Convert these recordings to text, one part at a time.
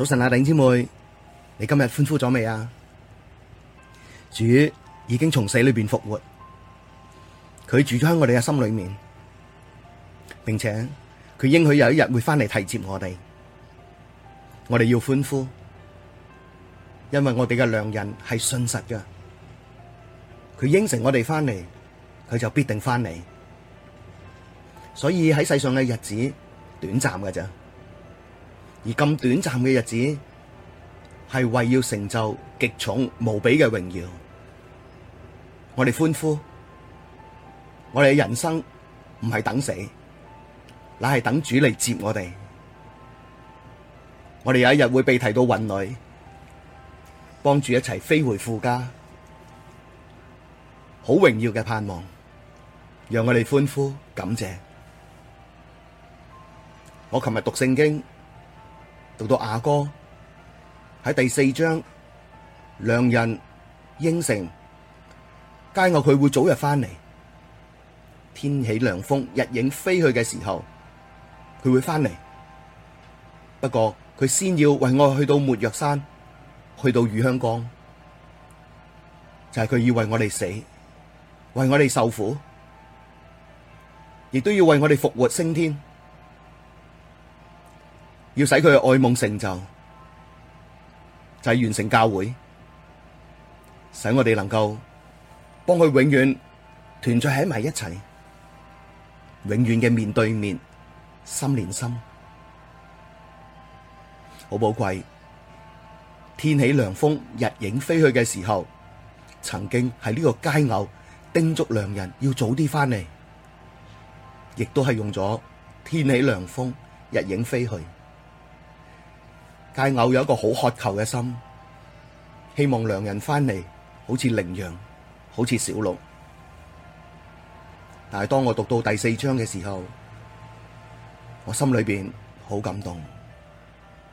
早晨啊，頂姊妹，你今日歡呼咗未啊？主已經從死裏邊復活，佢住咗喺我哋嘅心裏面，並且佢應許有一日會翻嚟提接我哋，我哋要歡呼，因為我哋嘅良人係信實嘅，佢應承我哋翻嚟，佢就必定翻嚟，所以喺世上嘅日子短暫嘅咋。而咁短暫嘅日子，係為要成就極重無比嘅榮耀，我哋歡呼。我哋嘅人生唔係等死，乃係等主嚟接我哋。我哋有一日會被提到雲裏，幫住一齊飛回父家，好榮耀嘅盼望，讓我哋歡呼感謝。我琴日讀聖經，到到雅歌喺第四章，良人應承佳偶，佢會早日翻嚟。天起涼風，日影飛去嘅時候，佢會翻嚟。不過佢先要為我去到沒藥山，去到乳香岡，就係佢要為我哋死，為我哋受苦，亦都要為我哋復活升天。要使佢嘅愛夢成就，就係完成教會，使我哋能夠幫佢永遠團聚喺埋一齊，永遠嘅面對面心連心，好寶貴。天起涼風，日影飛去嘅時候，曾經係呢個佳偶叮囑良人要早啲翻嚟，亦都係用咗天起涼風，日影飛去。佳偶有一個好渴求嘅心，希望良人翻嚟，好似羚羊，好似小鹿。但係當我讀到第四章嘅時候，我心裏面好感動，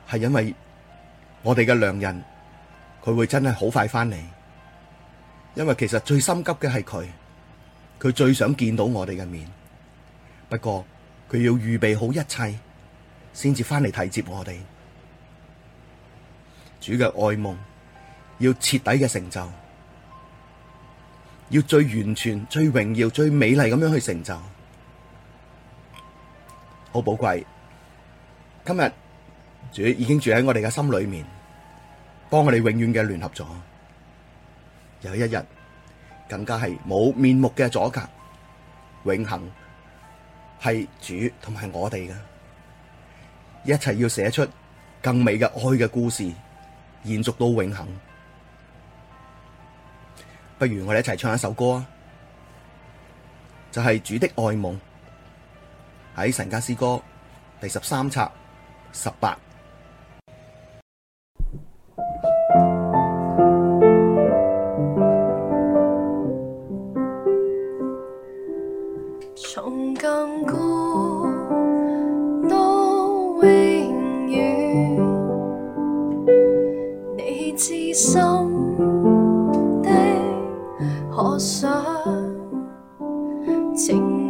係因為我哋嘅良人，佢會真係好快翻嚟，因為其實最心急嘅係佢，佢最想見到我哋嘅面。不過佢要預備好一切，先至翻嚟提接我哋。主嘅愛夢要徹底嘅成就，要最完全、最榮耀、最美麗咁樣去成就，好寶貴。今日主已經住喺我哋嘅心裏面，幫我哋永遠嘅聯合咗。有一日更加係冇面目嘅阻隔，永恆係主同埋我哋嘅，一齊要寫出更美嘅愛嘅故事。延續到永恒，不如我哋一齊唱一首歌啊！就係、是、主的愛夢喺神家詩歌第十三冊十八。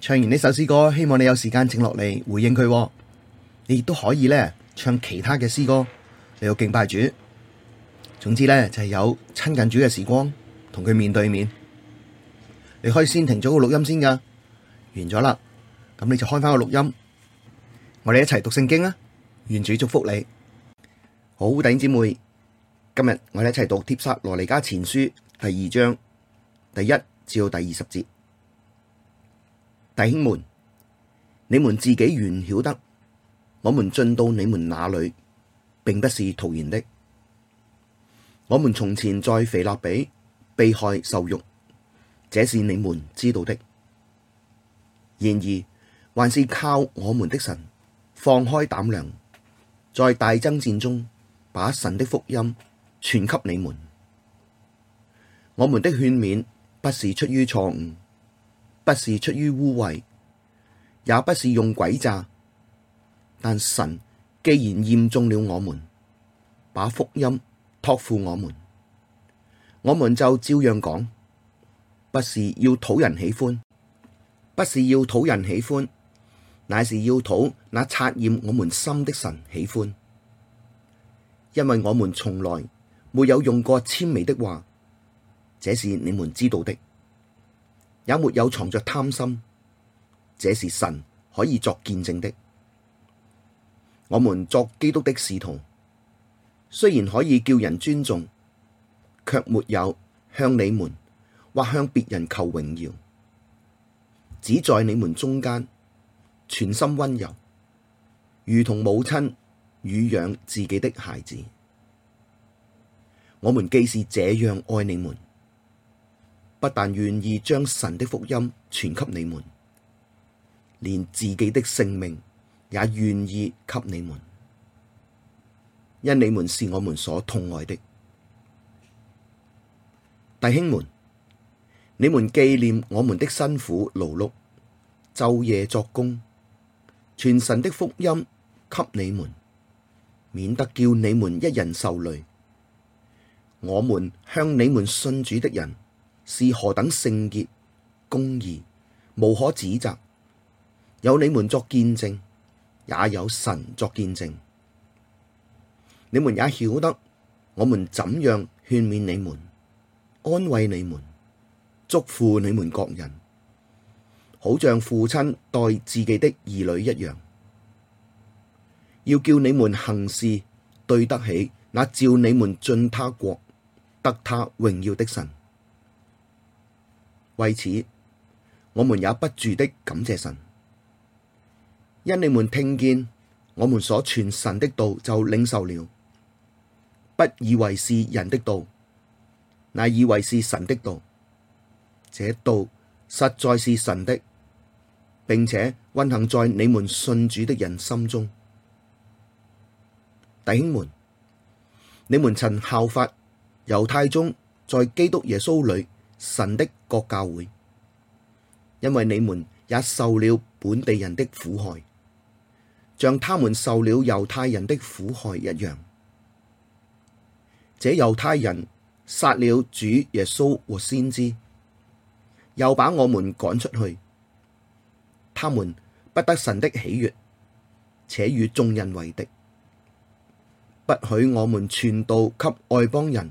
唱完呢首詩歌，希望你有時間靜落嚟回應佢。你亦都可以呢唱其他嘅詩歌，你有敬拜主。總之呢，就係、是、有親近主嘅時光，同佢面對面。你可以先停咗個錄音先噶，完咗啦。咁你就開翻個錄音，我哋一齊讀聖經啊！願主祝福你，好弟兄姐妹，今日我哋一齊讀帖撒羅尼加前書第二章第一至到第二十節，弟兄們，你們自己原曉得，我們進到你們那裡，並不是徒然的，我們從前在腓立比被害受辱，這是你們知道的，然而。還是靠我們的神，放開膽量，在大爭戰中把神的福音傳給你們。我們的勸勉不是出於錯誤，不是出於污穢，也不是用詭詐。但神既然驗中了我們，把福音託付我們，我們就照樣講，不是要討人喜歡，不是要討人喜歡，乃是要討那察驗我們心的神喜歡，因為我們從來沒有用過諂媚的話，這是你們知道的，也沒有藏着貪心，這是神可以作見證的。我們作基督的使徒，雖然可以叫人尊重，卻沒有向你們或向別人求榮耀，只在你們中間。全心溫柔，如同母親乳養自己的孩子。我們既是這樣愛你們，不但願意將神的福音傳給你們，連自己的性命也願意給你們，因你們是我們所痛愛的。弟兄們，你們紀念我們的辛苦勞碌，晝夜作工。全神的福音給你們，免得叫你們一人受累。我們向你們信主的人是何等聖潔、公義、無可指責，有你們作見證，也有神作見證。你們也曉得我們怎樣勸勉你們、安慰你們、祝福你們各人。好像父親待自己的兒女一樣，要叫你們行事對得起那召你們進他國得他榮耀的神。為此，我們也不住的感謝神，因你們聽見我們所傳神的道就領受了，不以為是人的道，乃以為是神的道。這道實在是神的。並且運行在你們信主的人心中，弟兄們，你們曾效法猶太中在基督耶穌裏神的各教會，因為你們也受了本地人的苦害，像他們受了猶太人的苦害一樣。這猶太人殺了主耶穌和先知，又把我們趕出去。他們不得神的喜悦，且與眾人為敵。不許我們傳道給外邦人，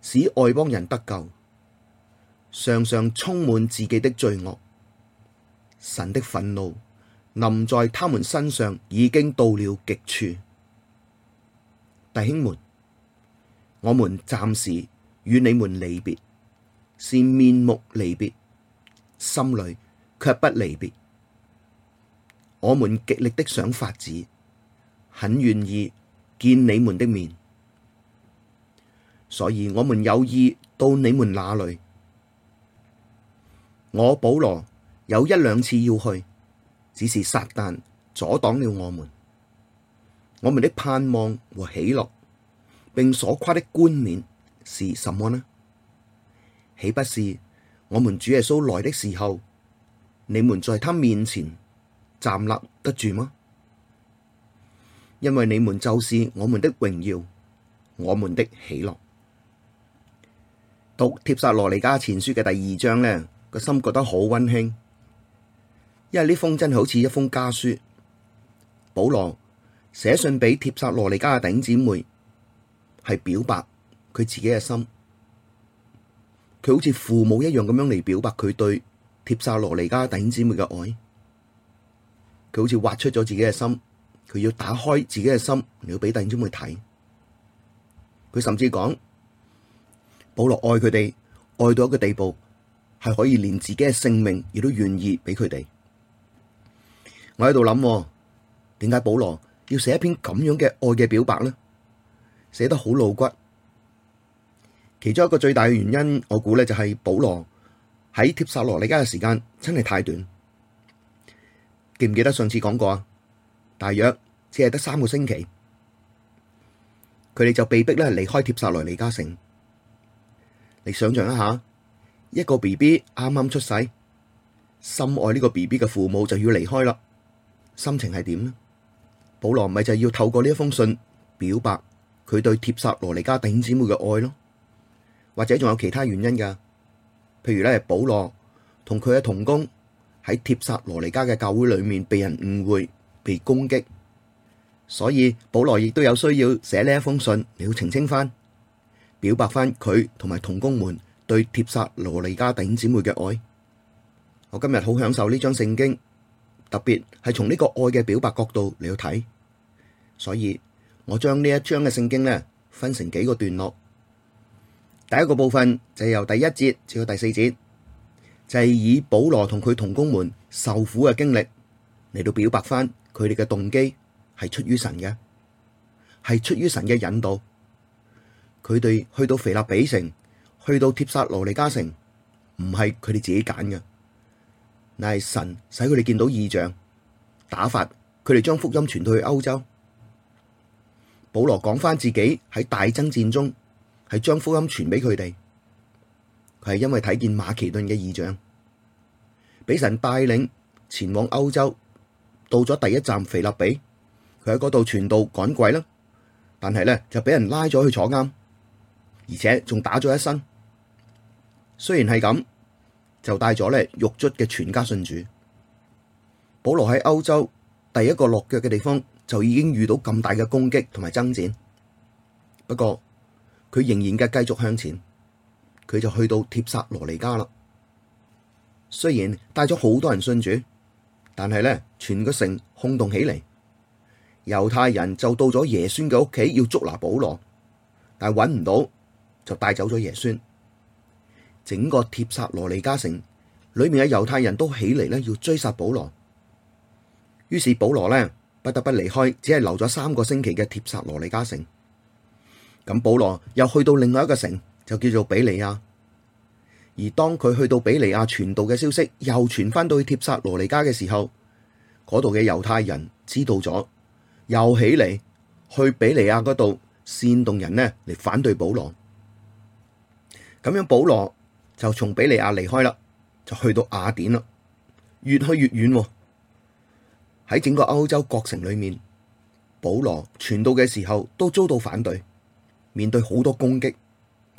使外邦人得救。常常充滿自己的罪惡，神的憤怒臨在他們身上，已經到了極處。弟兄們，我們暫時與你們離別，是面目離別，心裏卻不離別。我們極力的想法子，很願意見你們的面，所以我們有意到你們那裏。我保羅有一兩次要去，只是撒旦阻擋了我們。我們的盼望和喜樂，並所誇的冠冕是什麼呢？豈不是我們主耶穌來的時候，你們在他面前站立得住嗎？因為你們就是我們的榮耀，我們的喜樂。讀帖撒羅尼加前書嘅第二章呢，個心覺得好溫馨，因為呢封真係好似一封家書。保羅寫信俾帖撒羅尼加嘅頂姊妹，係表白佢自己嘅心，佢好似父母一樣咁樣嚟表白佢對帖撒羅尼加頂姊妹嘅愛。佢好似挖出咗自己嘅心，佢要打開自己嘅心嚟，要俾弟兄們去睇。佢甚至講，保羅愛佢哋，愛到一個地步，係可以連自己嘅性命，亦都願意俾佢哋。我喺度諗，點解保羅要寫一篇咁樣嘅愛嘅表白咧？寫得好露骨。其中一個最大嘅原因，我估咧，就係保羅喺帖撒羅尼迦嘅時間真係太短。記唔記得上次講過啊？大約只係得三個星期，佢哋就被逼咧離開帖撒羅尼加城。你想象一下，一個 B B 啱啱出世，深愛呢個 B B 嘅父母就要離開啦，心情係點呢？保羅咪就要透過呢一封信表白佢對帖撒羅尼加弟兄姊妹嘅愛咯，或者仲有其他原因噶？譬如咧，保羅同佢嘅同工。喺帖撒羅尼迦嘅教會裏面，被人誤會、被攻擊，所以保羅亦都有需要寫呢一封信嚟去澄清翻、表白翻佢同埋同工們對帖撒羅尼迦弟兄姊妹嘅愛。我今日好享受呢張聖經，特別係從呢個愛嘅表白角度嚟去睇，所以我將呢一章嘅聖經呢分成幾個段落。第一個部分就係由第一節至到第四節。就係以保羅同佢同工們受苦嘅經歷嚟到表白翻佢哋嘅動機係出於神嘅，係出於神嘅引導。佢哋去到腓立比城，去到帖撒羅尼加城，唔係佢哋自己揀嘅，乃係神使佢哋見到異象，打發佢哋將福音傳到去歐洲。保羅講翻自己喺大爭戰中係將福音傳俾佢哋。係因為睇見馬其頓嘅異象，俾神帶領前往歐洲，到咗第一站腓立比，佢喺嗰度傳道趕鬼啦，但係咧就俾人拉咗去坐監，而且仲打咗一身。雖然係咁，就帶咗咧獄卒嘅全家信主。保羅喺歐洲第一個落腳嘅地方就已經遇到咁大嘅攻擊同埋爭戰，不過佢仍然嘅繼續向前。佢就去到帖撒羅尼加啦。雖然帶咗好多人信主，但係咧，全個城轟動起嚟，猶太人就到咗耶孫嘅屋企要捉拿保羅，但係搵唔到就帶走咗耶孫。整個帖撒羅尼加城裏面嘅猶太人都起嚟咧，要追殺保羅，於是保羅呢不得不離開，只係留咗三個星期嘅帖撒羅尼加城。咁保羅又去到另外一個城。就叫做比利亞，而當佢去到比利亞傳道嘅消息，又傳翻到去帖撒羅尼加嘅時候，嗰度嘅猶太人知道咗，又起嚟去比利亞嗰度煽動人呢嚟反對保羅。咁樣，保羅就從比利亞離開啦，就去到雅典啦，越去越遠。喺整個歐洲各城裏面，保羅傳道嘅時候都遭到反對，面對好多攻擊。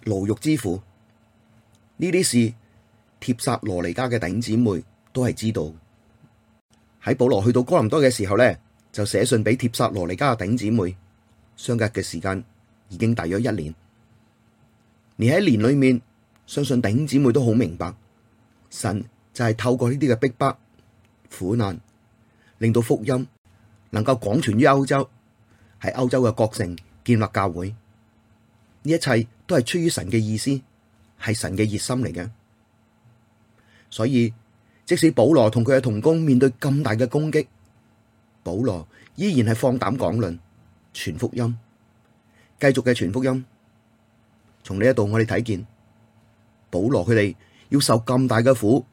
牢獄之苦，呢啲事帖撒羅尼迦嘅弟兄姊妹都係知道。喺保羅去到哥林多嘅時候咧，就寫信俾帖撒羅尼迦嘅弟兄姊妹。相隔嘅時間已經大約一年。而喺年裏面，相信弟兄姊妹都好明白，神就係透過呢啲嘅逼迫、苦難，令到福音能夠廣傳於歐洲，喺歐洲嘅各城建立教會。呢一切都係出於神嘅意思，係神嘅熱心嚟嘅。所以即使保羅同佢嘅同工面對咁大嘅攻擊，保羅依然係放膽講論，傳福音，繼續嘅傳福音。從呢一度我哋睇見保羅佢哋要受咁大嘅苦，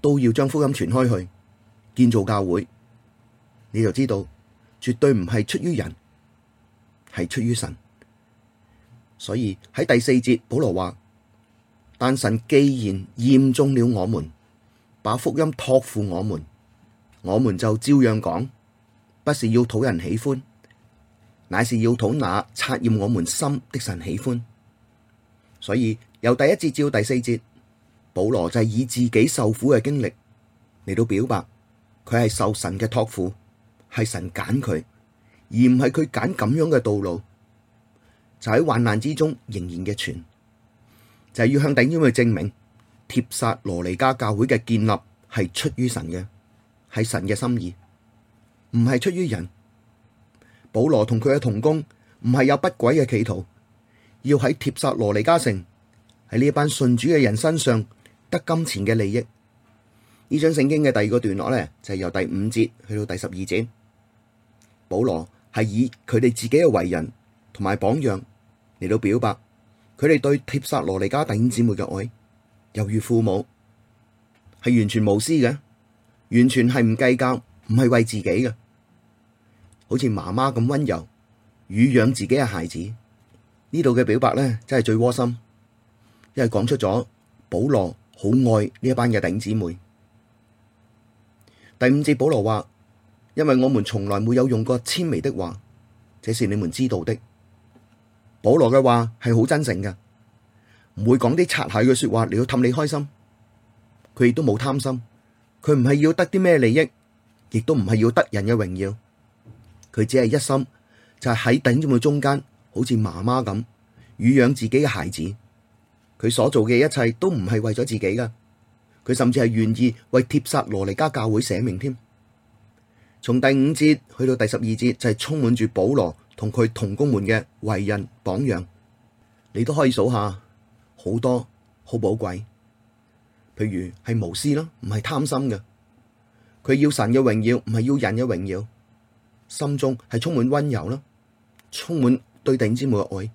都要將福音傳開去，建造教會，你就知道絕對唔係出於人，係出於神。所以喺第四節，保羅話：但神既然驗中了我們，把福音託付我們，我們就照樣講，不是要討人喜歡，乃是要討那察驗我們心的神喜歡。所以由第一節至第四節，保羅就係以自己受苦嘅經歷嚟到表白，佢係受神嘅託付，係神揀佢，而唔係佢揀咁樣嘅道路。就喺患難之中仍然嘅傳，就係、是、要向弟兄去證明帖撒羅尼加教會嘅建立係出於神嘅，係神嘅心意，唔係出於人。保羅同佢嘅同工唔係有不軌嘅企圖，要喺帖撒羅尼加城喺呢一班信主嘅人身上得金錢嘅利益。呢章聖經嘅第二個段落咧，就是、由第五節去到第十二節，保羅係以佢哋自己嘅為人。同埋榜樣嚟到表白，佢哋對帖撒羅尼迦弟兄姊妹嘅愛，猶如父母，係完全無私嘅，完全係唔計較，唔係為自己嘅，好似媽媽咁溫柔，乳養自己嘅孩子。呢度嘅表白呢，真係最窩心，因為講出咗保羅好愛呢一班嘅弟兄姊妹。第五節保羅話：因為我們從來沒有用過諂媚的話，這是你們知道的。保羅嘅話係好真誠噶，唔會講啲擦鞋嘅說話嚟到氹你開心。佢亦都冇貪心，佢唔係要得啲咩利益，亦都唔係要得人嘅榮耀。佢只係一心就係喺頂住中間，好似媽媽咁撫養自己嘅孩子。佢所做嘅一切都唔係為咗自己噶，佢甚至係願意為帖撒羅尼加教會捨命添。從第五節去到第十二節就係充滿住保羅同佢同工們嘅為人榜樣，你都可以數下，好多好寶貴。譬如係無私啦，唔係貪心嘅，佢要神嘅榮耀，唔係要人嘅榮耀。心中係充滿温柔啦，充滿對弟兄姊妹嘅愛，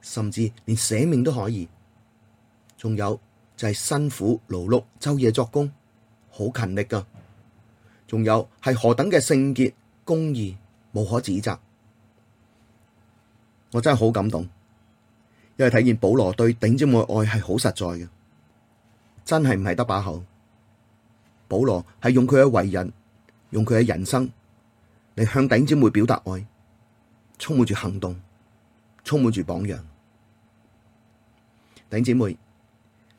甚至連捨命都可以。仲有就係辛苦勞碌，晝夜作工，好勤力㗎。仲有係何等嘅聖潔、公義，無可指責。我真係好感動，因為睇見保羅對頂姊妹愛係好實在嘅，真係唔係得把口。保羅係用佢嘅為人，用佢嘅人生嚟向頂姊妹表達愛，充滿住行動，充滿住榜樣。頂姊妹，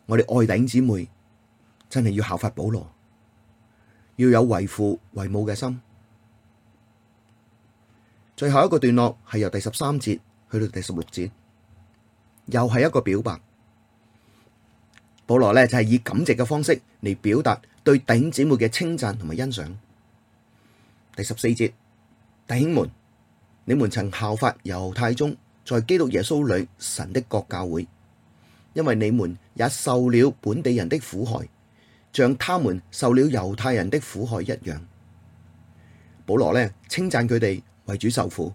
我哋愛頂姊妹，真係要效法保羅，要有為父為母嘅心。最後一個段落係由第十三節。去到第十六節，又係一個表白。保羅呢就係以感謝嘅方式嚟表達對弟兄姊妹嘅稱讚同埋欣賞。第十四節，弟兄們，你們曾效法猶太宗在基督耶穌裏神的國教會，因為你們也受了本地人的苦害，像他們受了猶太人的苦害一樣。保羅呢稱讚佢哋為主受苦。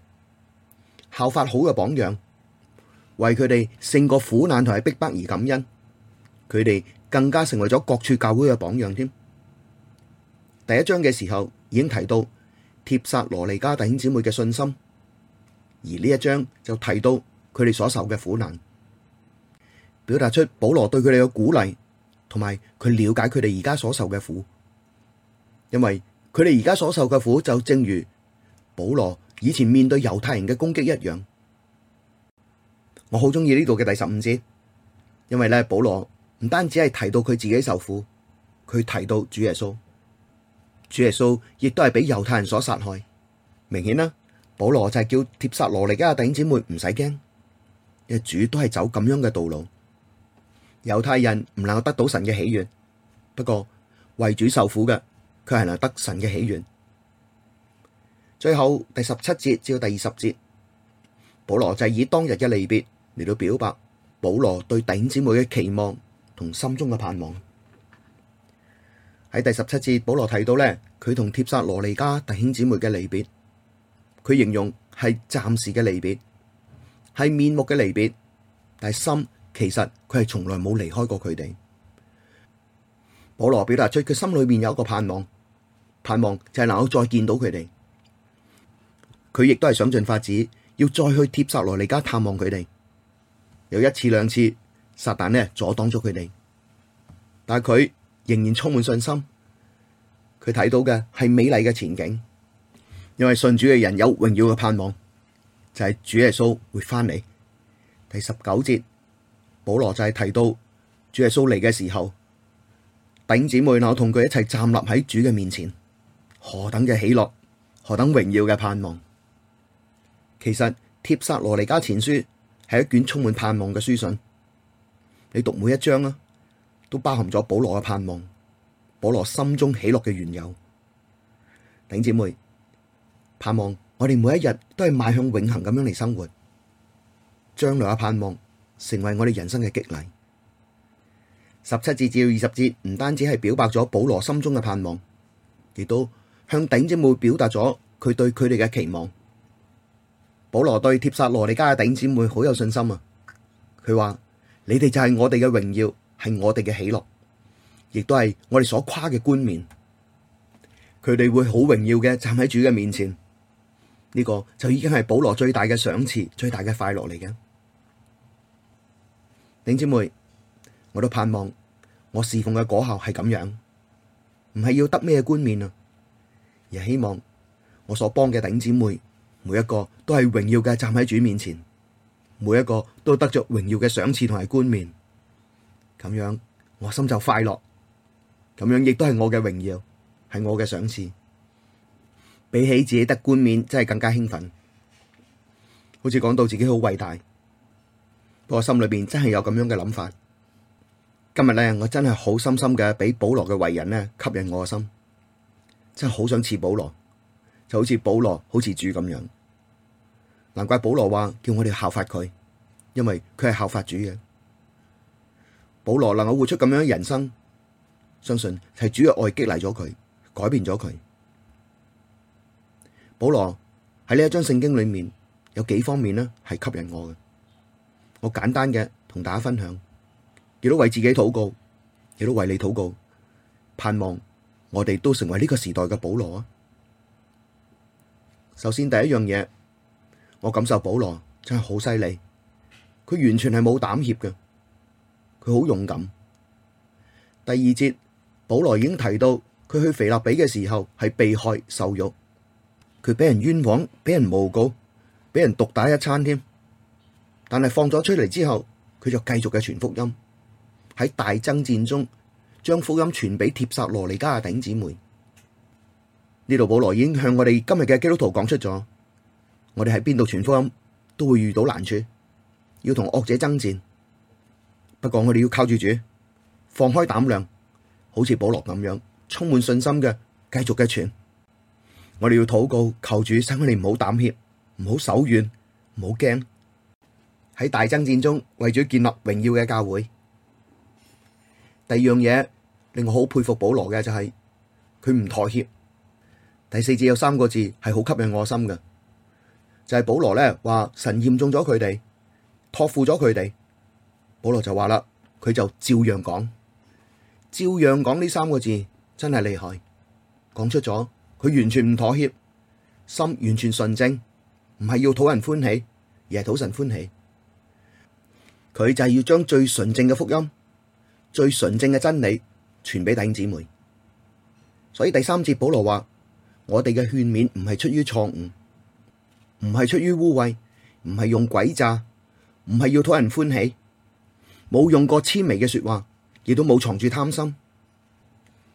效法好嘅榜樣，為佢哋勝過苦難同埋逼迫而感恩，佢哋更加成為咗各處教會嘅榜樣添。第一章嘅時候已經提到帖撒羅尼迦弟兄姊妹嘅信心，而呢一章就提到佢哋所受嘅苦難，表達出保羅對佢哋嘅鼓勵，同埋佢了解佢哋而家所受嘅苦，因為佢哋而家所受嘅苦就正如保羅以前面對猶太人嘅攻擊一樣，我好中意呢度嘅第十五節，因為咧保羅唔單止係提到佢自己受苦，佢提到主耶穌，主耶穌亦都係俾猶太人所殺害。明顯啦，保羅就係叫帖撒羅尼加弟兄姊妹唔使驚，嘅主都係走咁樣嘅道路。猶太人唔能夠得到神嘅喜悅，不過為主受苦嘅，佢係能得神嘅喜悅。最後第十七節至到第二十節，保羅就以當日嘅離別嚟，到表白保羅對弟兄姊妹嘅期望同心中嘅盼望。喺第十七節，保羅提到呢，佢同帖撒羅尼加弟兄姊妹嘅離別，佢形容係暫時嘅離別，係面目嘅離別，但係心其實佢係從來冇離開過佢哋。保羅表達出佢心裏面有一個盼望，盼望就係能夠再見到佢哋。佢亦都係想盡法子，要再去帖撒羅尼加探望佢哋，有一次兩次，撒旦咧阻擋咗佢哋，但係佢仍然充滿信心。佢睇到嘅係美麗嘅前景，因為信主嘅人有榮耀嘅盼望，就係、是、主耶穌會翻嚟。第十九節，保羅就係提到主耶穌嚟嘅時候，弟姊妹啊，我同佢一齊站立喺主嘅面前，何等嘅喜樂，何等榮耀嘅盼望！其實《帖撒羅尼加前書》係一卷充滿盼望嘅書信，你讀每一章啊，都包含咗保羅嘅盼望，保羅心中喜樂嘅緣由。頂姐妹，盼望我哋每一日都係邁向永恒咁樣嚟生活，將來嘅盼望成為我哋人生嘅激勵。十七節至到二十節唔單止係表白咗保羅心中嘅盼望，亦都向頂姐妹表達咗佢對佢哋嘅期望。保羅對帖撒羅尼迦嘅頂姊妹好有信心啊！佢話：你哋就係我哋嘅榮耀，係我哋嘅喜樂，亦都係我哋所誇嘅冠冕。佢哋會好榮耀嘅站喺主嘅面前，呢、這個就已經係保羅最大嘅賞賜、最大嘅快樂嚟嘅。頂姊妹，我都盼望我侍奉嘅果效係咁樣，唔係要得咩冠冕啊，而係希望我所幫嘅頂姊妹。每一個都係榮耀嘅站喺主面前，每一個都得着榮耀嘅賞賜同埋冠冕，咁樣我心就快樂，咁樣亦都係我嘅榮耀，係我嘅賞賜。比起自己得冠冕，真係更加興奮，好似講到自己好偉大。不過我心裏邊真係有咁樣嘅諗法。今日咧，我真係好深深嘅俾保羅嘅為人咧吸引我嘅心，真係好想似保羅。就好似保羅，好似主咁樣，難怪保羅話叫我哋效法佢，因為佢係效法主嘅。保羅能夠活出咁樣嘅人生，相信係主嘅愛激勵咗佢，改變咗佢。保羅喺呢一章聖經裏面，有幾方面呢係吸引我嘅，我簡單嘅同大家分享。亦都為自己禱告，亦都為你禱告，盼望我哋都成為呢個時代嘅保羅啊！首先第一樣嘢，我感受保羅真係好犀利，佢完全係冇膽怯嘅，佢好勇敢。第二節，保羅已經提到佢去腓立比嘅時候係被害受辱，佢俾人冤枉、俾人誣告、俾人毒打一餐添。但係放咗出嚟之後，佢就繼續嘅傳福音，喺大爭戰中將福音傳俾帖撒羅尼迦嘅頂姊妹。呢度保羅已經向我哋今日嘅基督徒講出咗，我哋喺邊度傳福音都會遇到難處，要同惡者爭戰。不過我哋要靠住主，放開膽量，好似保羅咁樣充滿信心嘅繼續嘅傳。我哋要禱告，求主使你唔好膽怯，唔好手軟，唔好驚。喺大爭戰中，為咗建立榮耀嘅教會。第二樣嘢令我好佩服保羅嘅就係佢唔妥協。第四節有三個字係好吸引我心嘅，就係保羅咧話神驗中咗佢哋，託付咗佢哋，保羅就話啦，佢就照樣講，照樣講呢三個字真係厲害，講出咗佢完全唔妥協，心完全純正，唔係要討人歡喜，而係討神歡喜，佢就係要將最純正嘅福音、最純正嘅真理傳俾弟兄姊妹，所以第三節保羅話。我哋嘅勸勉唔係出於錯誤，唔係出於污穢，唔係用詭詐，唔係要討人歡喜，冇用過纖微嘅說話，亦都冇藏住貪心。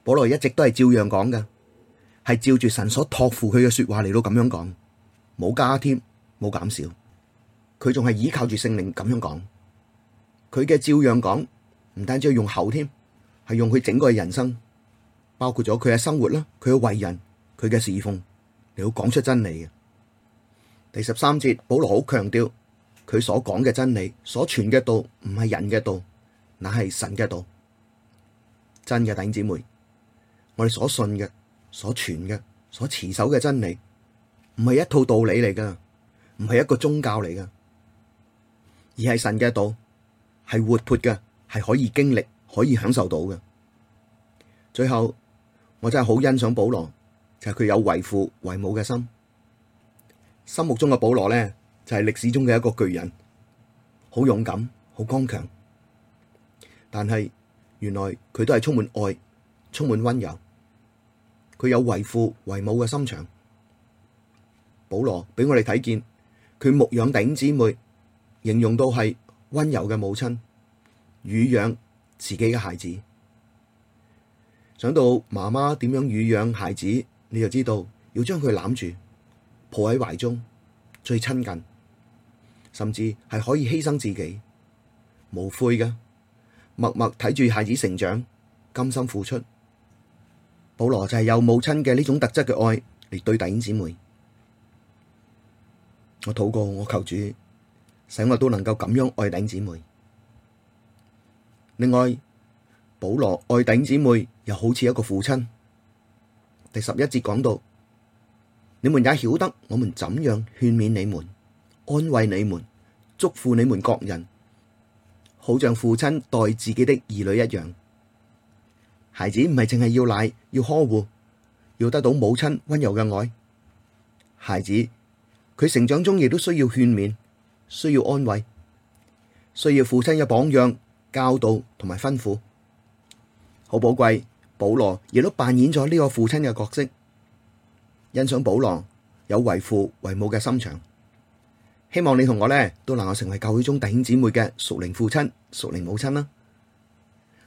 保羅一直都係照樣講嘅，係照住神所託付佢嘅說話嚟到咁樣講，冇加添，冇減少，佢仲係依靠住聖靈咁樣講。佢嘅照樣講，唔單止係用口添，係用佢整個嘅人生，包括咗佢嘅生活啦，佢嘅為人。佢嘅侍奉你去講出真理嘅。第十三節，保羅好強調佢所講嘅真理，所傳嘅道唔係人嘅道，乃係神嘅道。真嘅弟兄姊妹，我哋所信嘅、所傳嘅、所持守嘅真理，唔係一套道理嚟噶，唔係一個宗教嚟噶，而係神嘅道，係活潑嘅，係可以經歷、可以享受到嘅。最後，我真係好欣賞保羅。其實佢有為父為母嘅心，心目中嘅保羅呢，就係、是、歷史中嘅一個巨人，好勇敢，好剛強。但係原來佢都係充滿愛，充滿溫柔。佢有為父為母嘅心腸。保羅畀我哋睇見佢牧養弟兄姊妹，形容到係溫柔嘅母親，乳養自己嘅孩子。想到媽媽點樣乳養孩子。你就知道要將佢攬住，抱喺懷中，最親近，甚至係可以犧牲自己，無悔嘅，默默睇住孩子成長，甘心付出。保羅就係有母親嘅呢種特質嘅愛嚟對弟兄姊妹。我禱告，我求主，使我都能夠咁樣愛弟兄姊妹。另外，保羅愛弟兄姊妹，又好似一個父親。第十一節講到，你們也曉得我們怎樣勸勉你們、安慰你們、祝福你們各人，好像父親待自己的兒女一樣。孩子唔係淨係要奶、要呵護、要得到母親温柔嘅愛，孩子佢成長中亦都需要勸勉、需要安慰、需要父親嘅榜樣、教導同埋吩咐，好寶貴。保羅亦都扮演咗呢個父親嘅角色，欣賞保羅有為父為母嘅心腸，希望你同我呢都能夠成為教會中弟兄姊妹嘅屬靈父親、屬靈母親啦。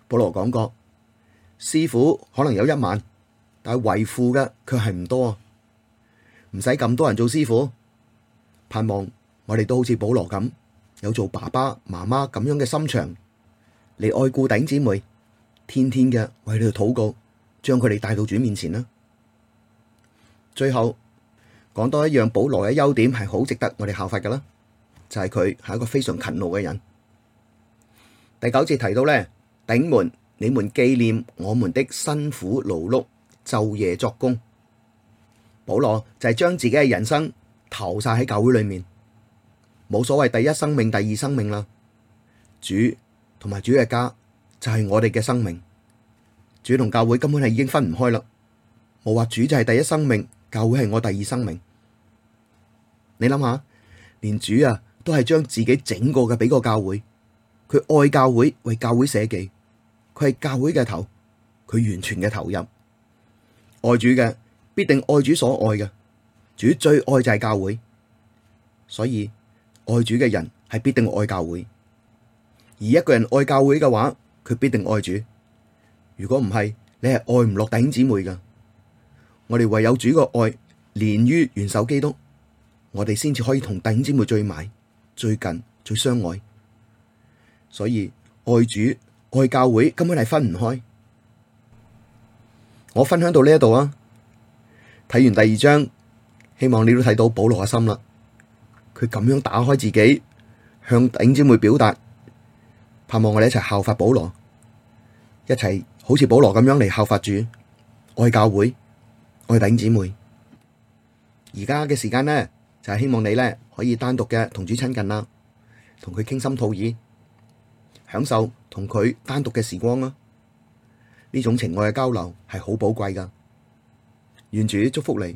保羅講過，師傅可能有一萬，但係為父嘅卻係唔多，唔使咁多人做師傅。盼望我哋都好似保羅咁，有做爸爸媽媽咁樣嘅心腸嚟愛顧弟兄姊妹。天天嘅為你哋禱告，將佢哋帶到主面前啦。最後講多一樣保羅嘅優點係好值得我哋效法嘅啦，就係佢係一個非常勤勞嘅人。第九節提到呢，頂門，你們紀念我們的辛苦勞碌，晝夜作工。保羅就係將自己嘅人生投晒喺教會裏面，冇所謂第一生命、第二生命啦。主同埋主嘅家。就係我哋嘅生命，主同教會根本係已經分唔開啦。冇話主就係第一生命，教會係我第二生命。你諗下，連主啊都係將自己整個嘅俾個教會，佢愛教會為教會捨己，佢係教會嘅頭，佢完全嘅投入。愛主嘅必定愛主所愛嘅，主最愛就係教會，所以愛主嘅人係必定愛教會，而一個人愛教會嘅話，佢必定愛主，如果唔係，你係愛唔落弟兄姊妹噶。我哋唯有主個愛連於元首基督，我哋先至可以同弟兄姊妹最埋、最近、最相愛。所以愛主、愛教會根本係分唔開。我分享到呢一度啊，睇完第二章，希望你都睇到保羅嘅心啦。佢咁樣打開自己，向弟兄姊妹表達。盼望我哋一齊效法保羅，一齊好似保羅咁樣嚟效法主，愛教會，愛弟兄姊妹。而家嘅時間咧，就係希望你咧可以單獨嘅同主親近啦，同佢傾心吐意，享受同佢單獨嘅時光啦。呢種情愛嘅交流係好寶貴噶。願主祝福你。